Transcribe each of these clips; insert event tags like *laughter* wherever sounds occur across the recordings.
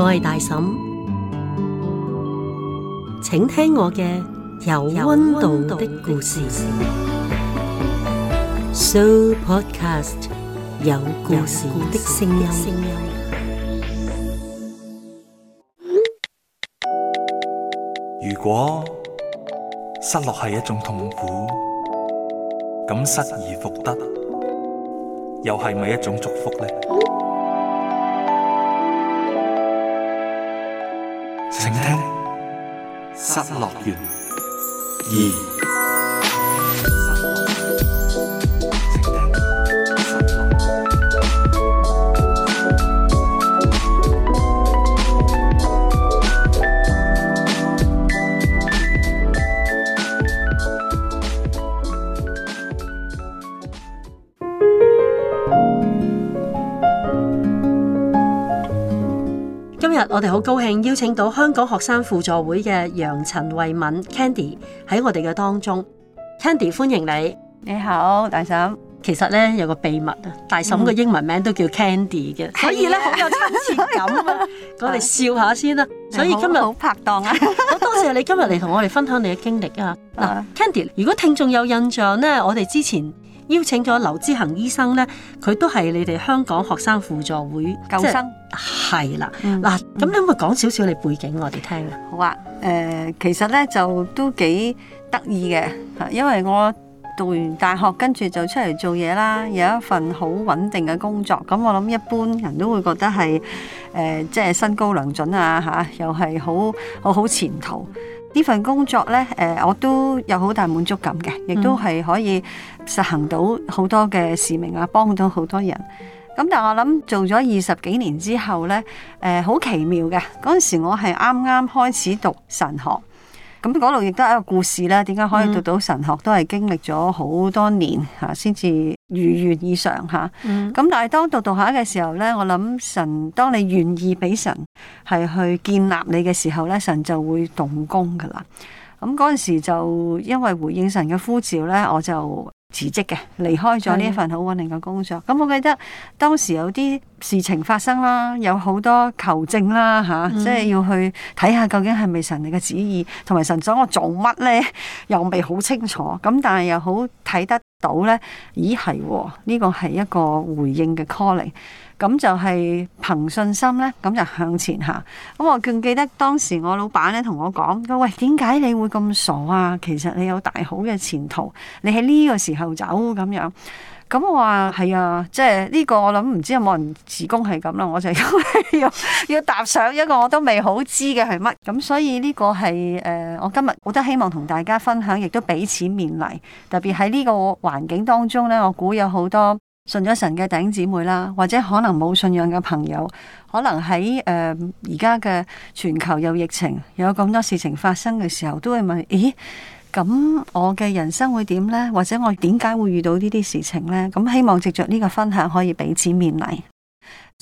我係大嬸，請聽我嘅有温度的故事。So Podcast，有故事的聲音。如果失落係一種痛苦，咁失而復得，又係咪一種祝福呢？請聽《失落園二》。今日我哋好高興邀請到香港學生輔助會嘅楊陳慧敏 Candy 喺我哋嘅當中，Candy 歡迎你，你好大嬸。其實咧有個秘密啊，大嬸嘅英文名都叫 Candy 嘅，嗯、所以咧好有親切感啊。 *laughs* 我哋笑下先啦，的所以今日好，好拍檔啊。好 *laughs* 多謝你今日嚟同我哋分享你嘅經歷啊。嗱 *laughs* ，Candy，如果聽眾有印象咧，我哋之前。邀請咗劉之恒醫生咧，佢都係你哋香港學生輔助會舊生係啦。嗱，咁、嗯啊、你可唔可以講少少你背景我哋聽啊？好啊，誒、呃，其實咧就都幾得意嘅，因為我讀完大學跟住就出嚟做嘢啦，有一份好穩定嘅工作。咁我諗一般人都會覺得係誒，即、呃、係、就是、薪高糧準啊，嚇、啊，又係好好好前途。呢份工作咧，誒、呃，我都有好大滿足感嘅，亦都係可以，實行到好多嘅使命啊，幫到好多人。咁但係我諗做咗二十幾年之後呢，誒、呃，好奇妙嘅。嗰陣時我係啱啱開始讀神學，咁嗰度亦都係一個故事啦。點解可以讀到神學，嗯、都係經歷咗好多年吓，先至如願以償吓。咁、嗯、但係當讀讀下嘅時候呢，我諗神，當你願意俾神係去建立你嘅時候呢，神就會動工噶啦。咁嗰陣時就因為回應神嘅呼召呢，我就。辭職嘅，離開咗呢一份好穩定嘅工作。咁的我記得當時有啲事情發生啦，有好多求證啦，吓、啊，即係、嗯、要去睇下究竟係咪神嚟嘅旨意，同埋神想我做乜咧，又未好清楚。咁但係又好睇得到咧，咦係？呢個係一個回應嘅 calling。咁就係憑信心咧，咁就向前行。咁我仲記得當時我老闆咧同我講：喂，點解你會咁傻啊？其實你有大好嘅前途，你喺呢個時候走咁樣。咁我話：係啊，即係呢個我諗唔知有冇人辭工係咁啦。我就要要 *laughs* 要踏上一個我都未好知嘅係乜。咁所以呢個係誒、呃，我今日我都希望同大家分享，亦都彼此勉勵。特別喺呢個環境當中咧，我估有好多信咗神嘅弟兄姊妹啦，或者可能冇信仰嘅朋友，可能喺誒而家嘅全球有疫情，有咁多事情發生嘅時候，都會問：，咦，咁我嘅人生會點呢？或者我點解會遇到呢啲事情呢？咁希望藉着呢個分享，可以彼此勉勵。」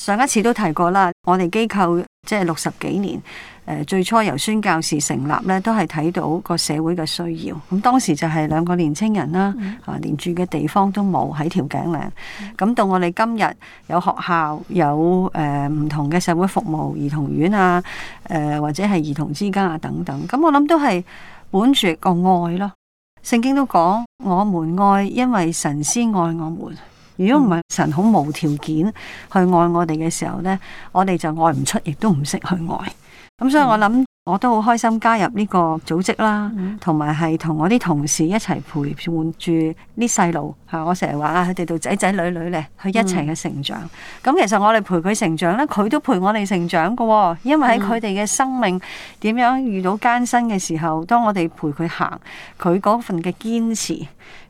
上一次都提過啦，我哋機構即係六十幾年。誒最初由宣教士成立咧，都係睇到個社會嘅需要。咁當時就係兩個年青人啦，啊、mm，hmm. 連住嘅地方都冇喺條頸嶺。咁、mm hmm. 到我哋今日有學校，有誒唔、呃、同嘅社會服務、兒童院啊，誒、呃、或者係兒童之家、啊、等等。咁我諗都係本住個、哦、愛咯。聖經都講我們愛，因為神先愛我們。如果唔係神好無條件去愛我哋嘅時候呢，我哋就愛唔出，亦都唔識去愛。咁、嗯、所以我諗，我都好開心加入呢個組織啦，同埋係同我啲同事一齊陪伴住啲細路。係我成日話啊，佢哋到仔仔女女咧，佢一齊嘅成長。咁、嗯、其實我哋陪佢成長咧，佢都陪我哋成長噶。因為喺佢哋嘅生命點樣遇到艱辛嘅時候，當我哋陪佢行，佢嗰份嘅堅持。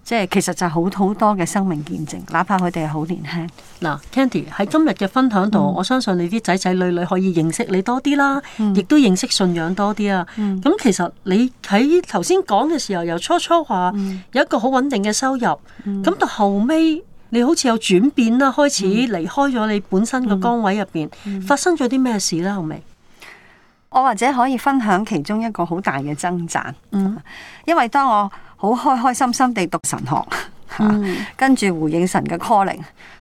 即係其實就係好好多嘅生命見證，哪怕佢哋係好年輕。嗱，Candy 喺今日嘅分享度，嗯、我相信你啲仔仔女女可以認識你多啲啦，亦、嗯、都認識信仰多啲啊。咁、嗯、其實你喺頭先講嘅時候，由初初話、嗯、有一個好穩定嘅收入，咁、嗯、到後尾你好似有轉變啦，開始離開咗你本身嘅崗位入邊，嗯嗯嗯、發生咗啲咩事啦？後尾，我或者可以分享其中一個好大嘅掙扎。嗯，因為當我好開開心心地讀神學，嗯啊、跟住回應神嘅 calling，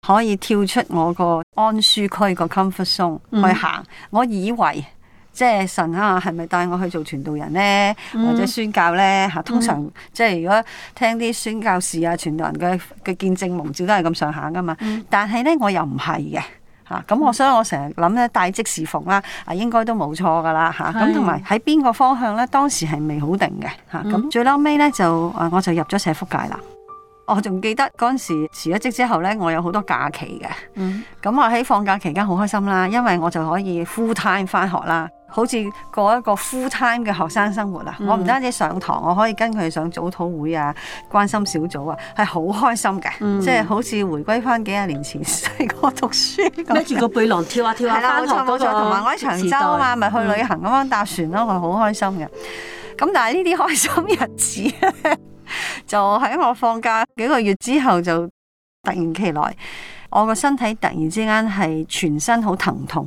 可以跳出我個安舒區個 comfort zone 去行。嗯、我以為即係神啊，係咪帶我去做傳道人咧，嗯、或者宣教咧？吓、啊，通常、嗯、即係如果聽啲宣教士啊，傳道人嘅嘅見證蒙召都係咁上下噶嘛。嗯、但係咧，我又唔係嘅。嚇！咁我所以，嗯、我成日諗咧，大即時逢啦，啊應該都冇錯噶啦嚇！咁同埋喺邊個方向咧，當時係未好定嘅嚇！咁、嗯、最，最後尾咧就啊，我就入咗社福界啦。我仲記得嗰陣時辭咗職之後咧，我有好多假期嘅。嗯。咁我喺放假期間好開心啦，因為我就可以 full time 翻學啦。好似過一個 full time 嘅學生生活啊！嗯、我唔單止上堂，我可以跟佢上早禱會啊，關心小組啊，係好開心嘅，嗯、即係好似回歸翻幾廿年前細個讀書，孭住個背囊跳下跳下翻學嗰個。同埋我喺長洲啊，咪去旅行咁樣搭船咯，係好開心嘅。咁、嗯、但係呢啲開心日子， *laughs* 就喺我放假幾個月之後，就突如其來，我個身體突然之間係全身好疼痛。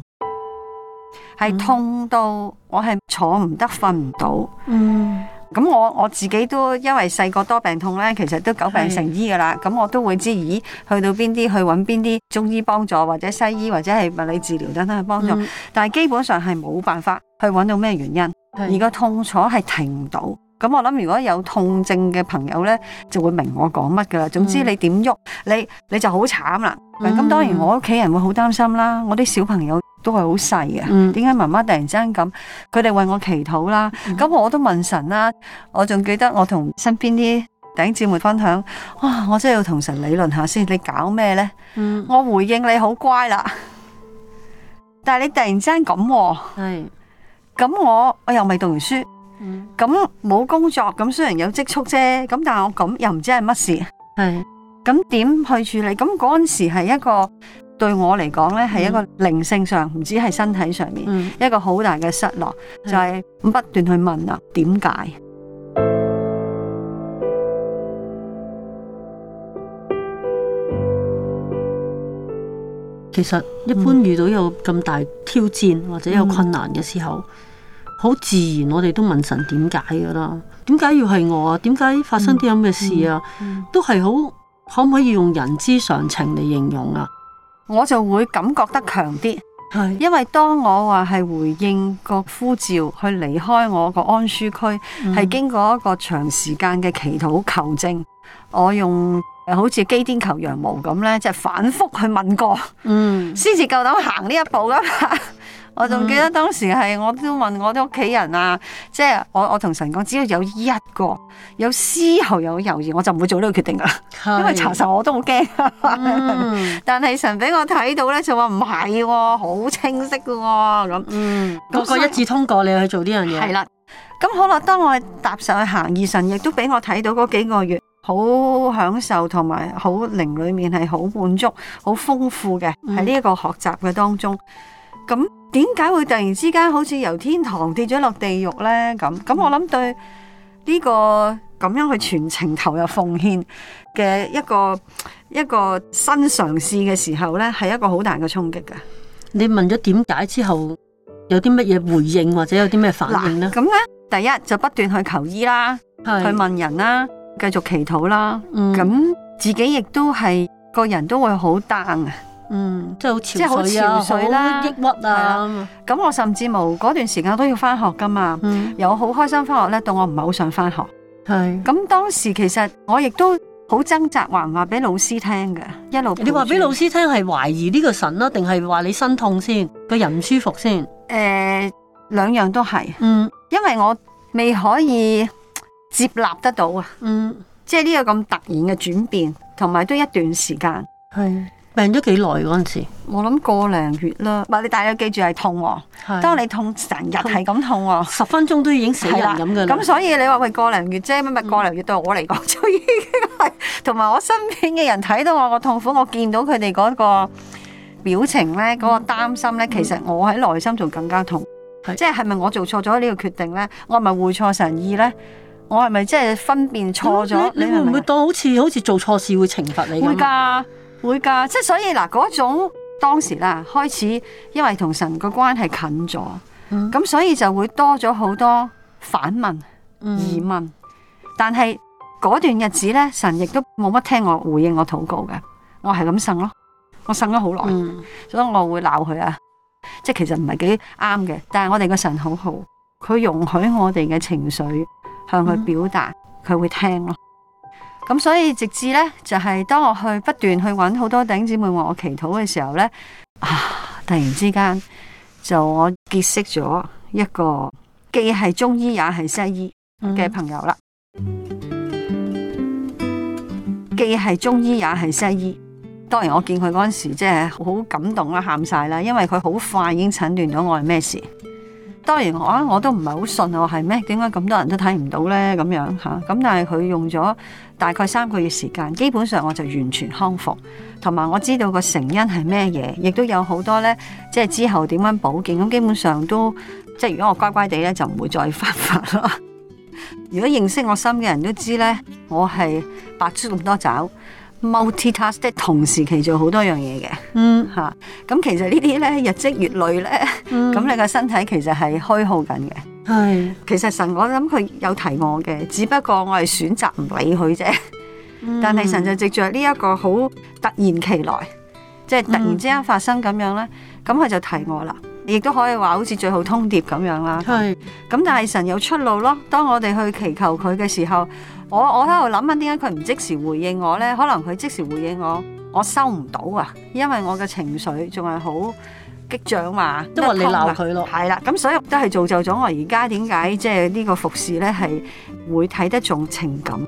係痛到我係坐唔得，瞓唔到，咁、嗯、我我自己都因為細個多病痛咧，其實都久病成醫噶啦。咁是我都會知，咦，去到邊啲去搵邊啲中醫幫助，或者西醫，或者係物理治療等等去幫助。嗯、但係基本上係冇辦法去搵到咩原因，是而個痛楚係停唔到。咁我諗如果有痛症嘅朋友咧，就會明我講乜噶啦。總之你點喐、嗯，你你就好慘啦。咁、嗯、當然我屋企人會好擔心啦，我啲小朋友，都係好細嘅，點解媽媽突然之間咁？佢哋為我祈禱啦，咁我都問神啦。我仲記得我同身邊啲頂姐妹分享，哇，我真係要同神理論下先，你搞咩呢？嗯，我回應你好乖啦，但係你突然之間咁，係咁我我又未讀完書，咁冇工作，咁雖然有積蓄啫，咁但係我咁又唔知係乜事，係咁點去處理？咁嗰陣時係一個。對我嚟講咧，係一個靈性上、嗯、唔止係身體上面、嗯、一個好大嘅失落，是就係不斷去問啊，點解？其實一般遇到有咁大挑戰、嗯、或者有困難嘅時候、嗯、好自然我哋都問神點解噶啦？點解要係我啊？點解發生啲咁嘅事啊？嗯嗯嗯、都係好，可唔可以用人之常情嚟形容啊？我就會感覺得強啲，因為當我話係回應個呼召，去離開我個安舒區，係、嗯、經過一個長時間嘅祈禱求證，我用好似基甸求羊毛咁呢，即係反覆去問過，嗯，先至夠膽行呢一步噶 *laughs* 我仲記得當時係，我都問我啲屋企人啊，即係我我同神講，只要有一個有絲毫有猶豫，我就唔會做呢個決定啦。是因為查實我都好驚，但係神俾我睇到咧、哦，就話唔係喎，好清晰嘅喎咁。個、嗯、個一致通過你去做呢樣嘢。係啦，咁好啦，當我踏上去行義神，而神亦都俾我睇到嗰幾個月，好享受同埋好靈裏面係好滿足、好豐富嘅，喺呢一個學習嘅當中。咁。點解會突然之間好似由天堂跌咗落地獄呢？咁咁我諗對呢、這個咁樣去全情投入奉獻嘅一個一個新嘗試嘅時候呢係一個好大嘅衝擊噶。你問咗點解之後，有啲乜嘢回應或者有啲咩反應咧？咁咧，第一就不斷去求醫啦，是去問人啦，繼續祈禱啦。咁、嗯、自己亦都係個人都會好 down 啊。.嗯，即係好，即係好憔悴啦，抑鬱啊，咁我甚至冇嗰段時間都要翻學噶嘛，由好開心翻學咧，到我唔係好想翻學，係咁當時其實我亦都好掙扎，話唔話俾老師聽嘅，一路你話俾老師聽係懷疑呢個神咯，定係話你身痛先，個人唔舒服先，誒，兩樣都係，嗯，因為我未可以接納得到啊，嗯，即係呢個咁突然嘅轉變，同埋都一段時間，係。病咗幾耐嗰陣時，我諗過兩月啦。係你，但係要記住係痛。係的當你痛成日係咁痛，十分鐘都已經死人咁嘅。咁所以你話喂過兩月啫，咁咪過兩月對我嚟講就已經係。同埋我身邊嘅人睇到我個痛苦，我見到佢哋嗰個表情咧，嗰、嗰個擔心咧，其實我喺內心仲更加痛。的即係係咪我做錯咗呢個決定咧？我係咪會錯神意咧？我係咪即係分辨錯咗？嗯、你你會唔會當好似好似做錯事會懲罰你？會噶會噶，即係所以嗱，嗰種當時啦，開始因為同神個關係近咗，咁、嗯、所以就會多咗好多反問、嗯、疑問。但係嗰段日子咧，神亦都冇乜聽我回應我禱告嘅，我係咁呻咯，我呻咗好耐，嗯、所以我會鬧佢啊，即係其實唔係幾啱嘅。但係我哋個神好好，佢容許我哋嘅情緒向佢表達，佢、嗯、會聽咯。咁所以直至咧，就係當我去不斷去揾好多弟兄姊妹為我祈禱嘅時候咧，啊，突然之間就我結識咗一個既係中醫也係西醫嘅朋友啦，既係中醫也係西醫。當然我見佢嗰陣時真係好感動啦，喊晒啦，因為佢好快已經診斷咗我係咩事。當然我我都唔係好信我係咩？點解咁多人都睇唔到呢？咁樣嚇咁，啊，但係佢用咗大概三個月時間，基本上我就完全康復，同埋我知道個成因係咩嘢，亦都有好多呢，即係之後點樣保健咁，基本上都即係如果我乖乖地呢，就唔會再發發咯。 *laughs* 如果認識我心嘅人都知呢，我係白出咁多爪。multitask 同時期做好多樣嘢嘅，嗯嚇，咁、啊、其實呢啲咧日積月累咧，咁、嗯、你個身體其實係虛耗緊嘅。係唉，其實神我諗佢有提我嘅，只不過我係選擇唔理佢啫。嗯、但係神就藉著呢一個好突然其來，即係突然之間發生咁樣咧，咁佢、嗯、就提我啦。亦都可以話好似最後通牒咁樣啦。係、嗯。咁是但係神有出路咯。當我哋去祈求佢嘅時候。我我喺度諗緊點解佢唔即時回應我呢？可能佢即時回應我，我收唔到啊！因為我嘅情緒仲係好激漲嘛，即係你鬧佢咯，係啦。咁所以都係造就咗我而家點解即係呢個服侍呢係會睇得重情感。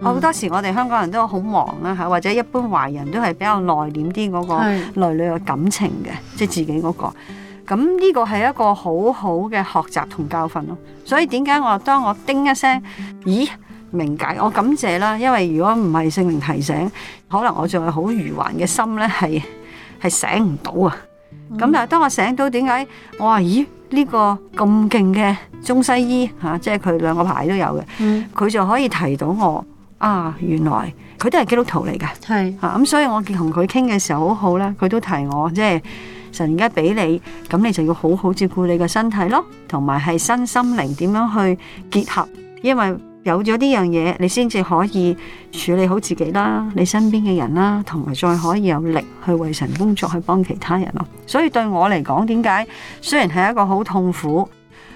好多時我哋香港人都好忙啊，吓，或者一般華人都係比較內斂啲嗰個內裏嘅感情嘅，是即係自己嗰個。咁呢個係一個好好嘅學習同教訓咯。所以點解我當我叮一聲，咦？明解，我感謝啦。因為如果唔係聖靈提醒，可能我仲係好愚頑嘅心咧，係係醒唔到啊。咁但係當我醒到，點解我話咦？呢個咁勁嘅中西醫嚇，即係佢兩個牌都有嘅，佢就可以提到我啊。原來佢都係基督徒嚟嘅，係嚇咁，所以我同佢傾嘅時候好好啦。佢都提我，即係神而家俾你，咁你就要好好照顧你嘅身體咯，同埋係身心靈點樣去結合，因為，有咗呢樣嘢，你先至可以處理好自己啦，你身邊嘅人啦，同埋再可以有力去為神工作，去幫其他人咯。所以對我嚟講，點解雖然係一個好痛苦，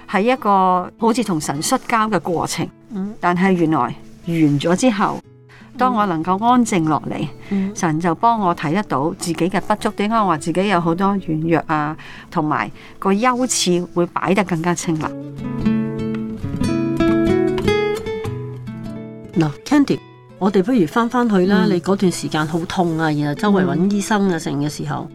係一個好似同神摔跤嘅過程，但係原來完咗之後，當我能夠安靜落嚟，神就幫我睇得到自己嘅不足。點解我話自己有好多軟弱啊，同埋個優次會擺得更加清白。Candy 我哋不如翻翻去啦。嗯、你嗰段時間好痛啊，然後周圍揾醫生啊、嗯、成嘅時候，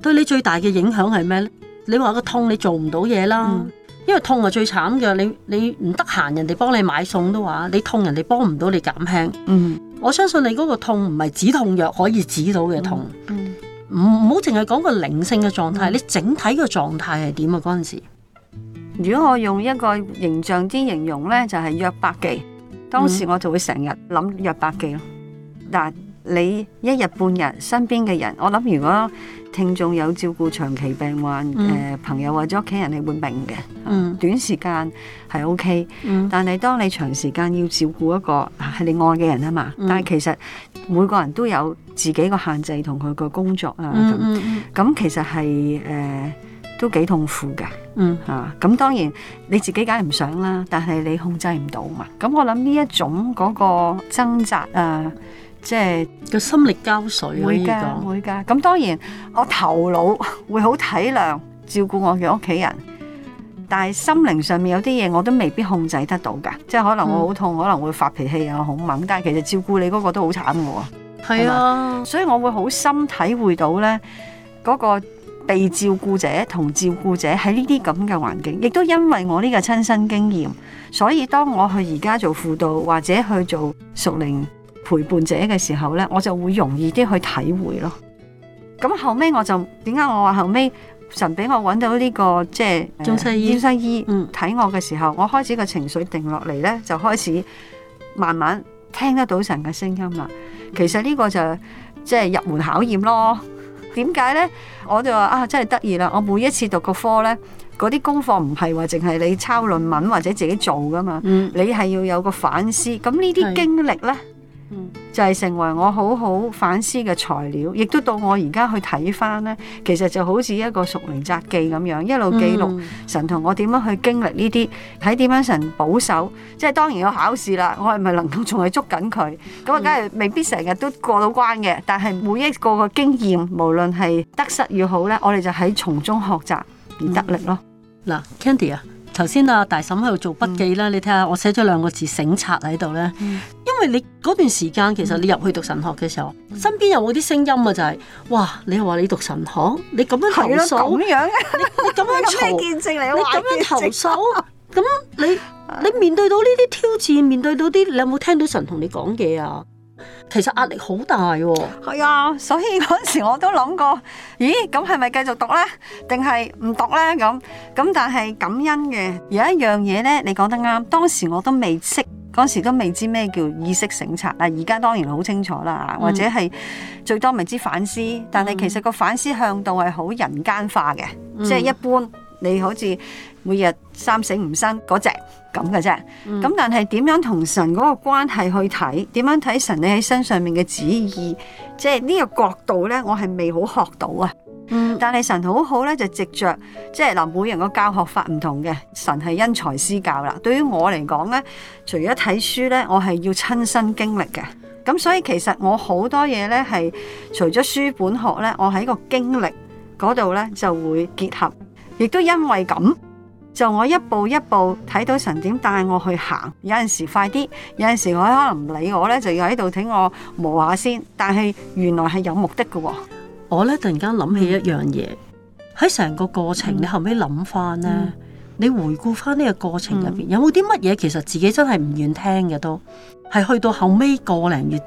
對你最大嘅影響係咩咧？你話個痛，你做唔到嘢啦，嗯、因為痛係最慘嘅。你你唔得閒，人哋幫你買餸都話，你痛人哋幫唔到你減輕。嗯、我相信你嗰個痛唔係止痛藥可以止到嘅痛。唔好淨係講個靈性嘅狀態，嗯、你整體嘅狀態係點啊？嗰陣時，如果我用一個形象之形容呢，就係、是、約百幾。百分 當時我就會成日諗約百記咯。嗱，你一日半日身邊嘅人，我諗如果聽眾有照顧長期病患誒、嗯呃、朋友或者屋企人，你會明嘅。嗯、短時間係 OK，但係當你長時間要照顧一個係你愛嘅人啊嘛，嗯、但係其實每個人都有自己個限制同佢個工作啊。咁其實係誒。呃都幾痛苦嘅，嗯吓，咁、啊、當然你自己梗係唔想啦，但係你控制唔到嘛。咁我諗呢一種嗰個掙扎啊，即係個心力交瘁啊，可以講會噶，咁當然我頭腦會好體諒照顧我嘅屋企人，但係心靈上面有啲嘢我都未必控制得到噶，即係可能會好痛，嗯、可能會發脾氣啊，好猛。但係其實照顧你嗰個都好慘我，係啊，所以我會好深體會到咧嗰、那個。被照顧者同照顧者喺呢啲咁嘅環境，亦都因為我呢個親身經驗，所以當我去而家做輔導或者去做熟齡陪伴者嘅時候呢，我就會容易啲去體會咯。咁後尾我就點解我話後尾神俾我揾到呢個即係中西醫醫生醫睇我嘅時候，我開始個情緒定落嚟呢，就開始慢慢聽得到神嘅聲音啦。其實呢個就即係入門考驗咯。點解咧？我就話啊，真係得意啦！我每一次讀個科咧，嗰啲功課唔係話淨係你抄論文或者自己做㗎嘛，嗯、你係要有個反思。咁呢啲經歷咧。 *noise* 就係、是、成為我好好反思嘅材料，亦都到我而家去睇翻咧，其實就好似一個《熟靈札記咁樣，一路記錄神同我點樣去經歷呢啲，睇點樣神保守，即係當然要考試啦。我係咪能夠仲係捉緊佢？咁啊，梗係未必成日都過到關嘅。但係每一個個經驗，無論係得失與好咧，我哋就喺從中學習而得力咯。嗱、嗯、Candy 啊。頭先啊，大嬸喺度做筆記啦，嗯、你睇下我寫咗兩個字“省察”喺度咧，因為你嗰段時間其實你入去讀神學嘅時候，身邊有冇啲聲音啊、就是？就係哇，你又話你讀神學，你咁樣投訴、啊，你咁樣嘈， *laughs* 你咁樣投訴，咁 *laughs* 你你面對到呢啲挑戰，面對到啲，你有冇聽到神同你講嘢啊？其實壓力好大喎，係啊，所以嗰時我都諗過，咦，咁係咪繼續讀呢？定係唔讀呢？咁咁，但係感恩嘅。有一樣嘢呢，你講得啱，當時我都未識，嗰時都未知咩叫意識省察啊！而家當然好清楚啦，或者係、嗯、最多未知反思，但係其實個反思向度係好人間化嘅，嗯、即係一般。你好似每日三省吾身嗰隻咁嘅啫。咁、嗯、但係點樣同神嗰個關係去睇？點樣睇神？你喺身上面嘅旨意，即係呢個角度咧，我係未好學到啊。嗯、但係神好好咧，就藉着——即係嗱，每人個教學法唔同嘅，神係因材施教啦。對於我嚟講咧，除咗睇書咧，我係要親身經歷嘅。咁所以其實我好多嘢咧係除咗書本學咧，我喺個經歷嗰度咧就會結合。亦都因為咁，就我一步一步睇到神點帶我去行，有陣時快啲，有陣時佢可能唔理我咧，就要喺度睇我磨下先。但係原來係有目的噶。我咧突然間諗起一樣嘢，喺成、嗯、個過程，嗯、你後尾諗翻咧，嗯、你回顧翻呢個過程入邊，嗯、有冇啲乜嘢其實自己真係唔願聽嘅，都係去到後尾個零月，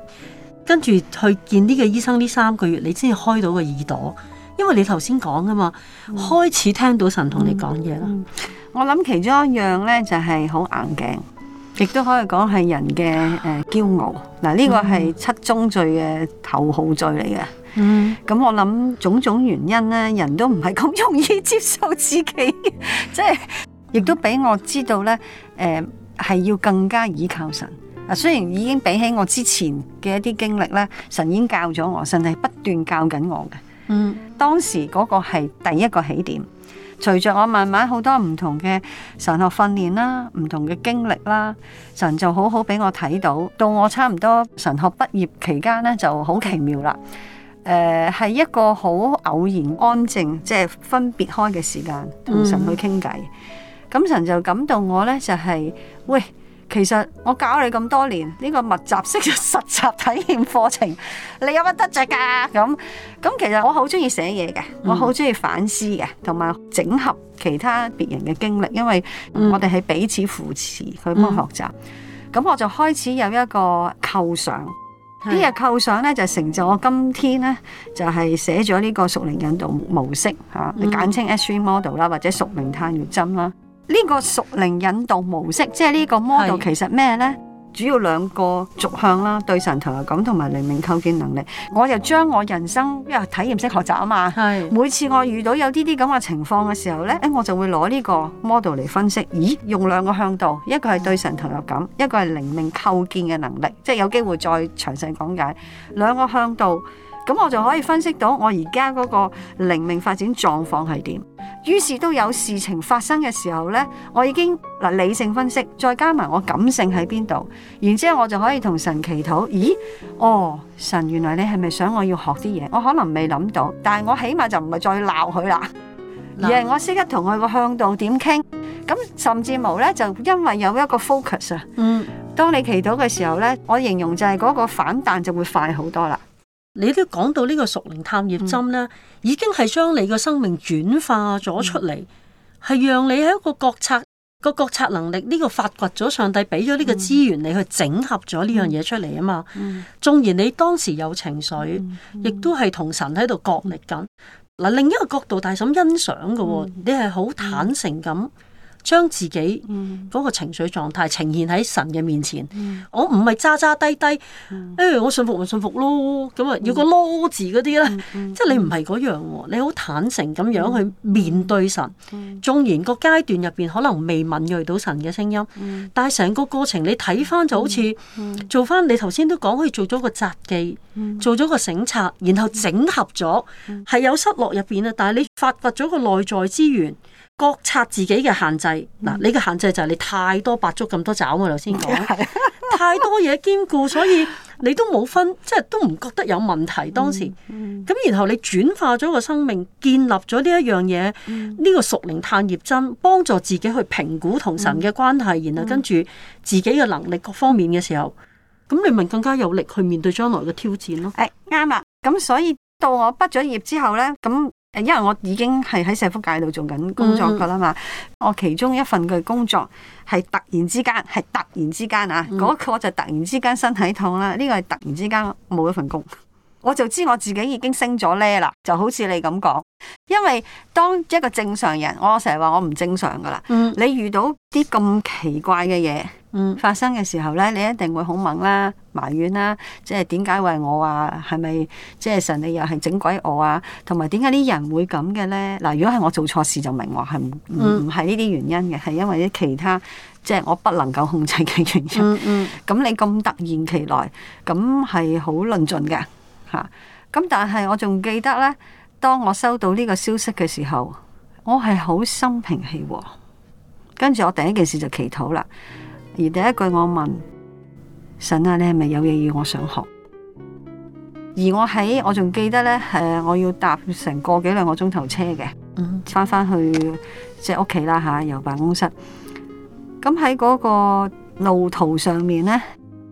跟住去見呢個醫生呢三個月，你先至開到個耳朵。因為你頭先講啊嘛，嗯、開始聽到神同你講嘢啦。我諗其中一樣咧就係、是，好硬頸，亦都可以講係人嘅誒驕傲嗱。呢、啊，這個係七宗罪嘅頭號罪嚟嘅。嗯，咁、嗯嗯、我諗種種原因咧，人都唔係咁容易接受自己，即係亦都俾我知道咧，誒、呃、係要更加倚靠神啊。雖然已經比起我之前嘅一啲經歷咧，神已經教咗我，神係不斷教緊我嘅。嗯，當時嗰個係第一個起點，隨着我慢慢好多唔同嘅神學訓練啦，唔同嘅經歷啦，神就好好俾我睇到。到我差唔多神學畢業期間咧，就好奇妙啦。誒，係一個好偶然安靜，即係分別開嘅時間，同神去傾偈。咁，嗯，神就感動我咧，就係喂。其實我教你咁多年呢、呢個密集式實習體驗課程，你有乜得着㗎？咁，咁其實我好中意寫嘢嘅，嗯、我好中意反思嘅，同埋整合其他別人嘅經歷，因為我哋係彼此扶持去幫學習。咁、嗯、我就開始有一個構想，呢嘢的構想呢就成就我今天呢，就係、是、寫咗呢個熟齡引導模式嚇，啊嗯、簡稱 S3 Model 啦，或者熟齡探月針啦。呢個屬靈引導模式，即係呢個 model，是其實咩呢？主要兩個軸向啦，對神投入感同埋靈命構建能力。我又將我人生，因為體驗式學習啊嘛，是每次我遇到有呢啲咁嘅情況嘅時候呢，誒是，我就會攞呢個 model 嚟分析。咦，用兩個向度，一個係對神投入感，是一個係靈命構建嘅能力。即係有機會再詳細講解兩個向度。咁我就可以分析到我而家嗰個靈命發展狀況係點，於是都有事情發生嘅時候呢，我已經嗱理性分析，再加埋我感性喺邊度，然之後我就可以同神祈禱。咦，哦，神原來你係咪想我要學啲嘢？我可能未諗到，但係我起碼就唔係再鬧佢啦，嗯、而係我識得同佢個向度點傾。咁甚至無呢，就因為有一個 focus 啊。嗯。當你祈禱嘅時候呢，我形容就係嗰個反彈就會快好多啦。你都講到呢個屬靈探熱針啦，已經係將你個生命轉化咗出嚟，係、嗯、讓你喺一個覺察個覺察能力呢個發掘咗上帝俾咗呢個資源，你去整合咗呢樣嘢出嚟啊嘛。縱、嗯、然你當時有情緒，嗯嗯、亦都係同神喺度角力緊。嗱、嗯，嗯、另一個角度大、哦，大嬸欣賞嘅，嗯、你係好坦誠咁。將自己嗰個情緒狀態呈現喺神嘅面前，我唔係渣渣低低，誒，我信服咪信服咯，咁啊，要個囉字嗰啲咧，嗯嗯、即係你唔係嗰樣，哦，你好坦誠咁樣去面對神。縱然個階段入邊可能未敏銳到神嘅聲音，但係成個過程你睇翻就好似做翻，你頭先都講，可以做咗個札記，做咗個省察，然後整合咗，係有失落入邊啊，但係你發掘咗個內在資源。覺察自己嘅限制，嗱，你嘅限制就係你太多白粥咁多爪，我頭先講，的太多嘢兼顧， *laughs* 所以你都冇分，即係都唔覺得有問題。當時咁，嗯嗯、然後你轉化咗個生命，建立咗呢一樣嘢，呢、嗯、個屬靈探葉針，幫助自己去評估同神嘅關係，嗯嗯、然後跟住自己嘅能力各方面嘅時候，咁你咪更加有力去面對將來嘅挑戰咯。係啱啦，咁、啊、所以到我畢咗業之後呢。咁。因為我已經係喺社福界度做緊工作噶啦嘛，嗯，我其中一份嘅工作係突然之間，係突然之間啊，嗰、嗯、個我就突然之間身體痛啦，呢、這個係突然之間冇咗份工，我就知我自己已經升咗呢啦，就好似你咁講，因為當一個正常人，我成日話我唔正常噶啦，嗯、你遇到啲咁奇怪嘅嘢發生嘅時候咧，你一定會好猛啦。埋怨啦，即係點解為我啊？係咪即係神？你又係整鬼我啊？同埋點解啲人會咁嘅咧？嗱，如果係我做錯事就明話係唔係呢啲原因嘅，係因為啲其他即係我不能夠控制嘅原因。咁你咁突然其來，咁係好論盡嘅吓。咁但係我仲記得咧，當我收到呢個消息嘅時候，我係好心平氣和，跟住我第一件事就祈禱啦。而第一句我問。神啊，你係咪有嘢要我上學？而我喺我仲記得咧，誒、呃，我要搭成個幾兩個鐘頭車嘅，翻翻去即係屋企啦吓，由、呃、辦公室。咁喺嗰個路途上面咧，誒、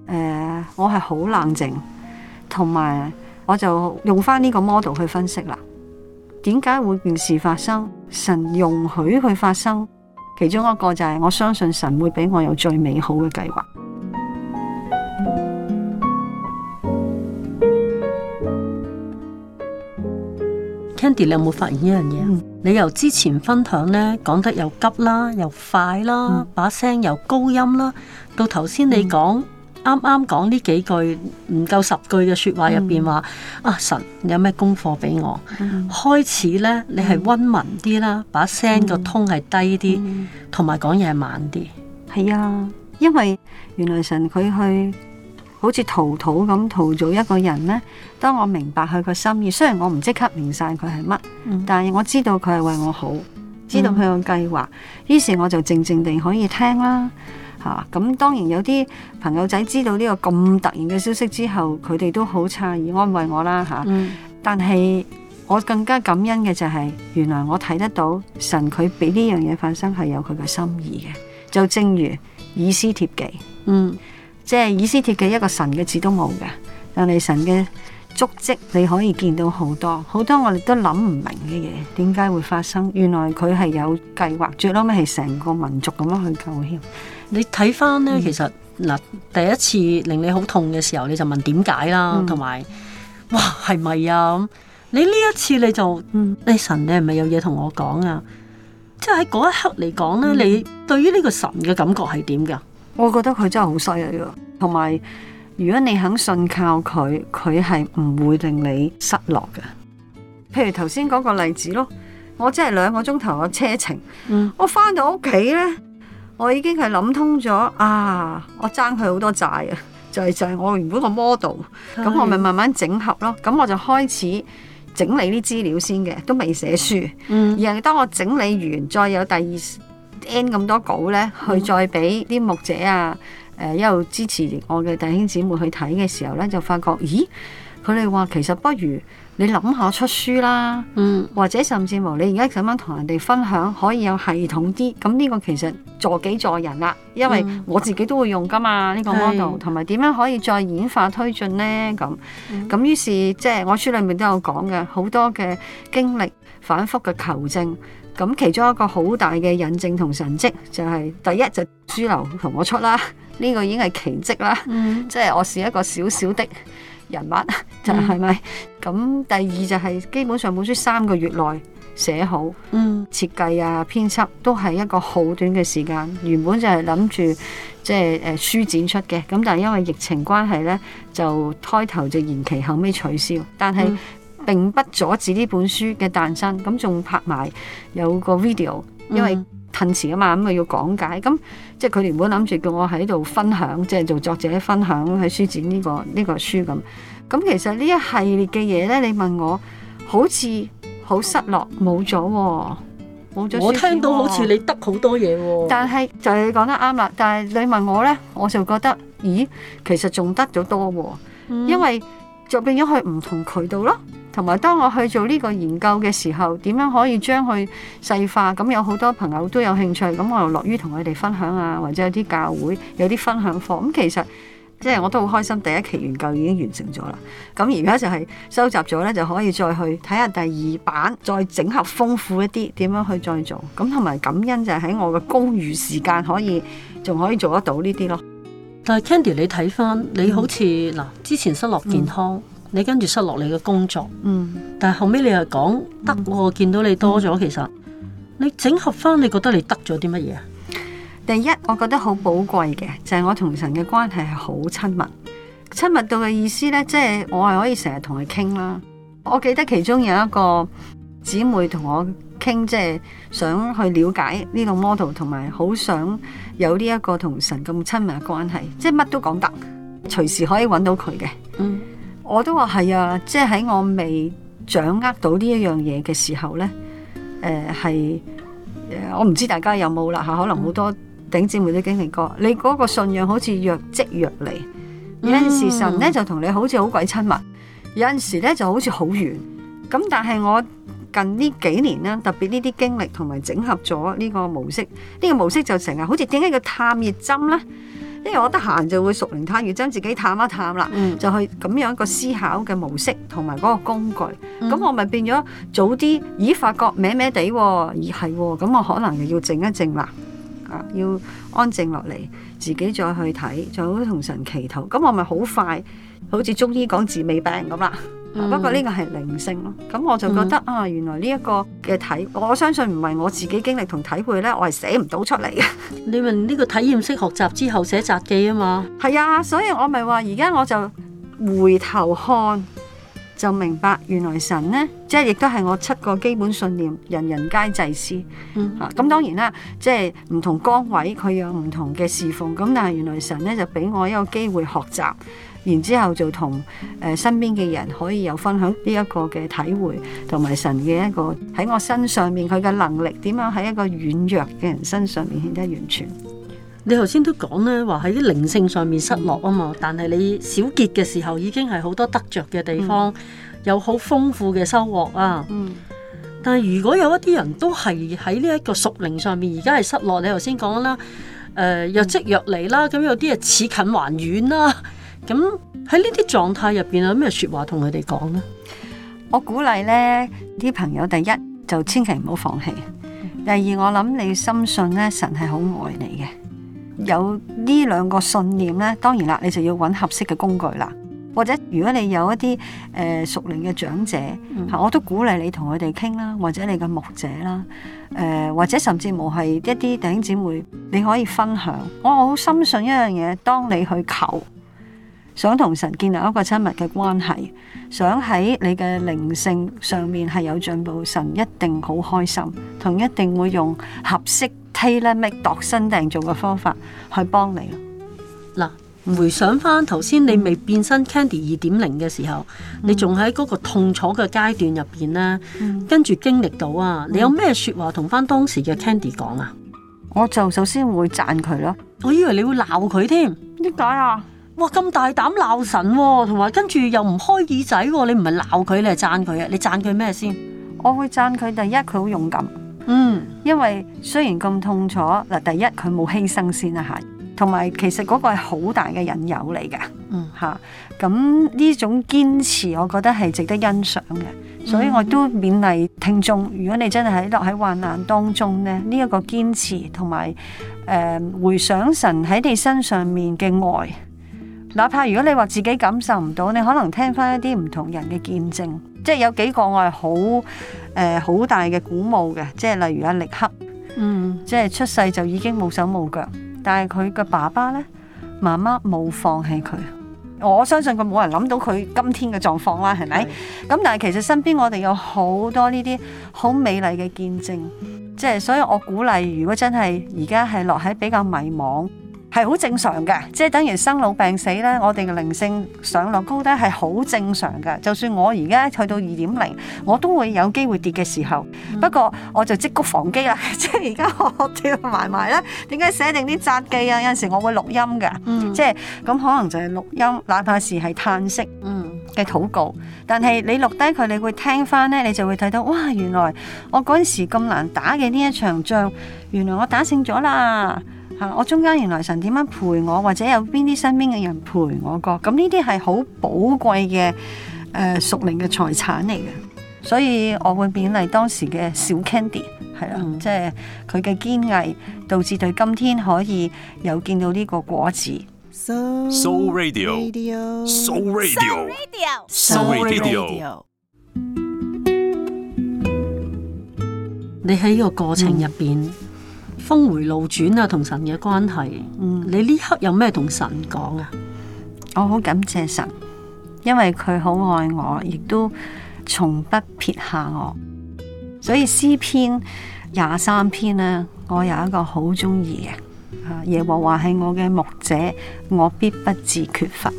呃，我係好冷靜，同埋我就用翻呢個 model 去分析啦。點解會件事發生？神容許佢發生，其中一個就係、是、我相信神會俾我有最美好嘅計劃。Candy，你有冇發現呢樣嘢？嗯、你由之前分享咧，講得又急啦，又快啦，嗯、把聲又高音啦，到頭先你講啱啱講呢幾句唔夠十句嘅說話入邊話啊，神有咩功課俾我？嗯、開始咧，你係溫文啲啦，把聲個通係低啲，同埋講嘢係慢啲。係啊，因為原來神佢去。好似陶土咁陶咗一個人呢。當我明白佢個心意，雖然我唔即刻明晒佢係乜，嗯、但係我知道佢係為我好，知道佢個計劃，於、嗯、是我就靜靜地可以聽啦，吓、啊、咁。當然有啲朋友仔知道呢個咁突然嘅消息之後，佢哋都好詫異，安慰我啦，吓、啊。嗯、但係我更加感恩嘅就係、是，原來我睇得到神佢俾呢樣嘢發生係有佢嘅心意嘅，就正如以斯帖記，嗯。即係以斯帖嘅一個神嘅字都冇嘅，但係神嘅足跡你可以見到好多，好多我哋都諗唔明嘅嘢，點解會發生？原來佢係有計劃，最嬲尾係成個民族咁樣去救起。你睇翻咧，其實嗱，嗯、第一次令你好痛嘅時候，你就問點解啦，同埋、嗯、哇係咪啊？你呢一次你就，嗯、你神你係咪有嘢同我講啊？即係喺嗰一刻嚟講咧，嗯、你對於呢個神嘅感覺係點噶？我覺得佢真係好犀利喎，同埋如果你肯信靠佢，佢係唔會令你失落嘅。譬如頭先嗰個例子咯，我真係兩個鐘頭嘅車程，嗯、我翻到屋企咧，我已經係諗通咗啊！我爭佢好多債啊，就係、是、就係我原本個 model，咁我咪慢慢整合咯，咁我就開始整理啲資料先嘅，都未寫書，嗯、而係當我整理完，再有第二。e n d 咁多稿咧，去再俾啲牧者啊，誒一路支持我嘅弟兄姊妹去睇嘅時候咧，就發覺，咦，佢哋話其實不如你諗下出書啦，嗯，或者甚至乎你而家咁樣同人哋分享，可以有系統啲，咁呢個其實助己助人啦、啊，因為我自己都會用噶嘛呢、嗯、個 model，同埋點樣可以再演化推進咧，咁咁於是即係、就是、我書裡面都有講嘅好多嘅經歷，反覆嘅求證。咁其中一個好大嘅引證同神蹟就係第一就豬流同我出啦，呢、這個已經係奇蹟啦，嗯、即係我是一個小小的人物，就係、是、咪？咁、嗯、第二就係基本上本書三個月內寫好，設計、嗯、啊編輯都係一個好短嘅時間。原本就係諗住即係誒書展出嘅，咁但係因為疫情關係呢，就開頭就延期，後尾取消，但係、嗯。並不阻止呢本書嘅誕生，咁仲拍埋有個 video，因為褪遲啊嘛，咁啊要講解，咁即係佢原本諗住叫我喺度分享，即係做作者分享喺書展呢個呢個書咁。咁其實呢一系列嘅嘢咧，你問我好似好失落，冇咗，冇咗。我聽到好似你得好多嘢，但係就係你講得啱啦。但係你問我咧，我就覺得，咦，其實仲得咗多，因為就變咗去唔同渠道咯。同埋，當我去做呢個研究嘅時候，點樣可以將佢細化？咁有好多朋友都有興趣，咁我又樂於同佢哋分享啊，或者有啲教會有啲分享課。咁其實即係、就是、我都好開心，第一期研究已經完成咗啦。咁而家就係收集咗呢，就可以再去睇下第二版，再整合豐富一啲，點樣去再做。咁同埋感恩就係喺我嘅公餘時間，可以仲可以做得到呢啲咯。但係 Candy，你睇返你好似嗱，嗯、之前失落健康。嗯你跟住失落你嘅工作，嗯、但係後尾你又講、嗯、得我見到你多咗。嗯、其實你整合翻，你覺得你得咗啲乜嘢？第一，我覺得好寶貴嘅就係、是、我同神嘅關係係好親密，親密到嘅意思呢，即、就、係、是、我係可以成日同佢傾啦。我記得其中有一個姊妹同我傾，即、就、係、是、想去了解呢個 model，同埋好想有呢一個同神咁親密嘅關係，即係乜都講得，隨時可以揾到佢嘅。嗯我都話係啊，即係喺我未掌握到呢一樣嘢嘅時候咧，誒係誒，我唔知大家有冇啦嚇，可能好多頂姊妹都經歷過，你嗰個信仰好似若即若離，有陣時神咧就同你好似好鬼親密，有陣時咧就好似好遠。咁但係我近呢幾年咧，特別呢啲經歷同埋整合咗呢個模式，呢個模式就成日好似點解叫探熱針呢。因為我得閒就會屬靈探熱針，自己探一探啦，嗯，就係咁樣一個思考嘅模式同埋嗰個工具。咁、嗯、我咪變咗早啲咦，發覺咩咩地，而係咁我可能又要靜一靜啦，啊要安靜落嚟，自己再去睇，就好同神祈禱。咁我咪好快，好似中醫講治未病咁啦。不過呢個係靈性咯，咁我就覺得、嗯、啊，原來呢一個嘅體，我相信唔係我自己經歷同體會呢，我係寫唔到出嚟嘅。你問呢個體驗式學習之後寫札記啊嘛？係啊，所以我咪話而家我就回頭看，就明白原來神呢，即係亦都係我七個基本信念，人人皆祭司。吓咁、嗯啊、當然啦，即係唔同崗位佢有唔同嘅侍奉，咁但係原來神呢，就俾我一個機會學習。然之後就同誒身邊嘅人可以有分享呢一個嘅體會，同埋神嘅一個喺我身上面佢嘅能力點樣喺一個軟弱嘅人身上面顯得完全。你頭先都講啦，話喺啲靈性上面失落啊嘛，嗯、但係你小結嘅時候已經係好多得着嘅地方，嗯、有好豐富嘅收穫啊。嗯、但係如果有一啲人都係喺呢一個屬靈上面，而家係失落，你頭先講啦，誒、呃、若即若離啦，咁有啲係似近還遠啦，啊。咁喺呢啲狀態入邊有咩說話同佢哋講呢？我鼓勵呢啲朋友，第一就千祈唔好放棄；第二我諗你深信呢，神係好愛你嘅。有呢兩個信念呢，當然啦，你就要揾合適嘅工具啦。或者如果你有一啲誒熟齡嘅長者，吓我都鼓勵你同佢哋傾啦，或者你嘅牧者啦，誒或者甚至乎係一啲弟兄姊妹，你可以分享。我好深信一樣嘢，當你去求。想同神建立一個親密嘅關係，想喺你嘅靈性上面係有進步，神一定好開心，同一定會用合適 tailor make 度身定做嘅方法去幫你。嗱，回想翻頭先你未變身 Candy 二點零嘅時候，嗯、你仲喺嗰個痛楚嘅階段入邊咧，嗯、跟住經歷到啊，你有咩説話同翻當時嘅 Candy 講啊？我就首先會讚佢咯。我以為你會鬧佢添，點解啊？哇！咁大膽鬧神，同埋跟住又唔開耳仔。你唔係鬧佢，你係讚佢啊！你讚佢咩先？我會讚佢第一，佢好勇敢。嗯，因為雖然咁痛楚嗱，第一佢冇犧牲先啦嚇，同埋其實嗰個係好大嘅引誘嚟㗎。嗯，嚇咁呢種堅持，我覺得係值得欣賞嘅。所以我都勉勵聽眾，如果你真係落喺患難當中呢，呢一個堅持同埋誒回想神喺你身上面嘅愛。哪怕如果你話自己感受唔到，你可能聽翻一啲唔同人嘅見證，即係有幾個我係好誒好大嘅鼓舞嘅，即係例如阿、啊、力克，嗯，即係出世就已經冇手冇腳，但係佢嘅爸爸咧、媽媽冇放棄佢。我相信佢冇人諗到佢今天嘅狀況啦，係咪？咁是但係其實身邊我哋有好多呢啲好美麗嘅見證，即係所以我鼓勵，如果真係而家係落喺比較迷茫。係好正常嘅，即係等於生老病死咧。我哋嘅靈性上落高低係好正常嘅。就算我而家去到二點零，我都會有機會跌嘅時候。嗯、不過我就積穀防饑啦。即係而家我跌埋埋咧，點解寫定啲札記啊？有陣時我會錄音嘅，嗯、即係咁可能就係錄音，哪怕是係嘆息嘅禱告。嗯、但係你錄低佢，你會聽翻咧，你就會睇到哇，原來我嗰時咁難打嘅呢一場仗，原來我打勝咗啦。啊、我中間原來神點樣陪我，或者有邊啲身邊嘅人陪我過？咁呢啲係好寶貴嘅誒屬靈嘅財產嚟嘅，所以我會勉勵當時嘅小 Candy 係啦、啊，嗯、即係佢嘅堅毅，導致佢今天可以有見到呢個果子。Soul Radio，Soul Radio，Soul Radio，Soul Radio，你喺呢個過程入邊。嗯峰迴路轉啊，同神嘅關係，嗯，你呢刻有咩同神講啊？我好感謝神，因為佢好愛我，亦都從不撇下我。所以詩篇廿三篇呢，我有一個好中意嘅，耶和華係我嘅牧者，我必不至缺乏。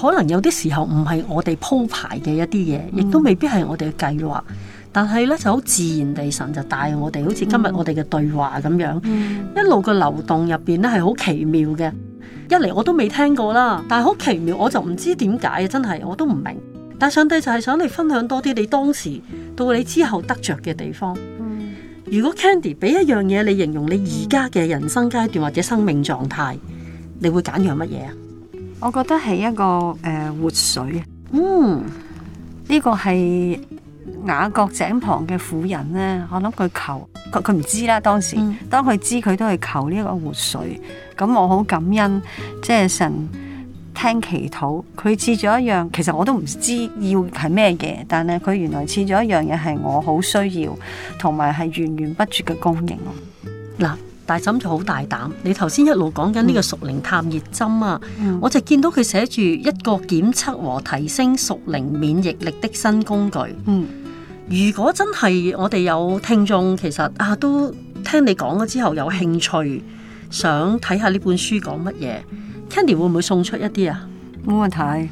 可能有啲時候唔係我哋鋪排嘅一啲嘢，亦都未必係我哋嘅計劃。嗯但係咧，就好自然地神就帶我哋，好似今日我哋嘅對話咁樣，嗯、一路嘅流動入邊咧，係好奇妙嘅。一嚟我都未聽過啦，但係好奇妙我就唔知點解啊！真係我都唔明。但上帝就係想你分享多啲你當時到你之後得着嘅地方。嗯、如果 Candy 俾一樣嘢你形容你而家嘅人生階段、嗯、或者生命狀態，你會揀樣乜嘢啊？我覺得係一個誒、呃、活水。嗯，呢個係。雅各井旁嘅婦人咧，我諗佢求佢，佢唔知啦。當時、嗯、當佢知佢都係求呢個活水，咁我好感恩，即係神聽祈禱。佢賜咗一樣，其實我都唔知要係咩嘅，但係佢原來賜咗一樣嘢係我好需要，同埋係源源不絕嘅供應。嗱、嗯，大嬸就好大膽，你頭先一路講緊呢個屬靈探熱針啊，嗯、我就見到佢寫住一個檢測和提升屬靈免疫力的新工具。嗯。嗯如果真係我哋有聽眾，其實啊都聽你講咗之後有興趣，想睇下呢本書講乜嘢，Kenny 會唔會送出一啲啊？冇問題，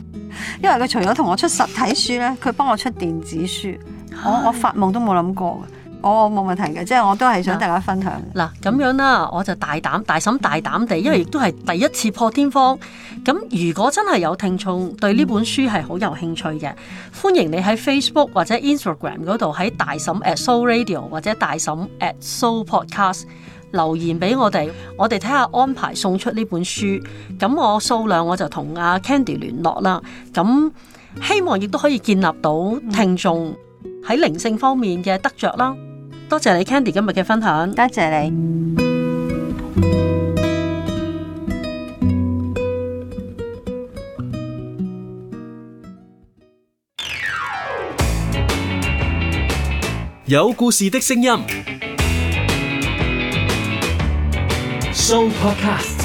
因為佢除咗同我出實體書咧，佢幫我出電子書，我 *noise* 我，我發夢都冇諗過。我冇、哦、問題嘅，即係我都係想大家分享。嗱，咁樣啦，我就大膽大嬸大膽地，因為亦都係第一次破天荒。咁如果真係有聽眾對呢本書係好有興趣嘅，歡迎你喺 Facebook 或者 Instagram 嗰度喺大嬸 at Soul Radio 或者大嬸 at Soul Podcast 留言俾我哋，我哋睇下安排送出呢本書。咁我數量我就同阿 Candy 聯絡啦。咁希望亦都可以建立到聽眾喺靈性方面嘅得着啦。多謝你，Candy 今日嘅分享，多謝你。有故事的聲音，Show Podcast。